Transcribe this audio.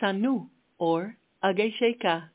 Tsanu, or Agesheka.